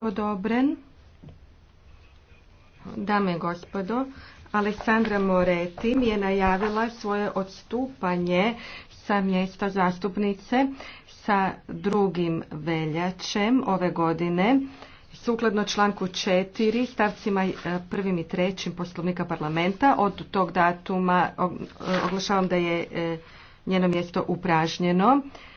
odobren. Dame i gospodo, Aleksandra Moreti mi je najavila svoje odstupanje sa mjesta zastupnice sa drugim veljačem ove godine. Sukladno članku 4 stavcima e, prvim i trećim poslovnika parlamenta od tog datuma e, oglašavam da je e, njeno mjesto upražnjeno.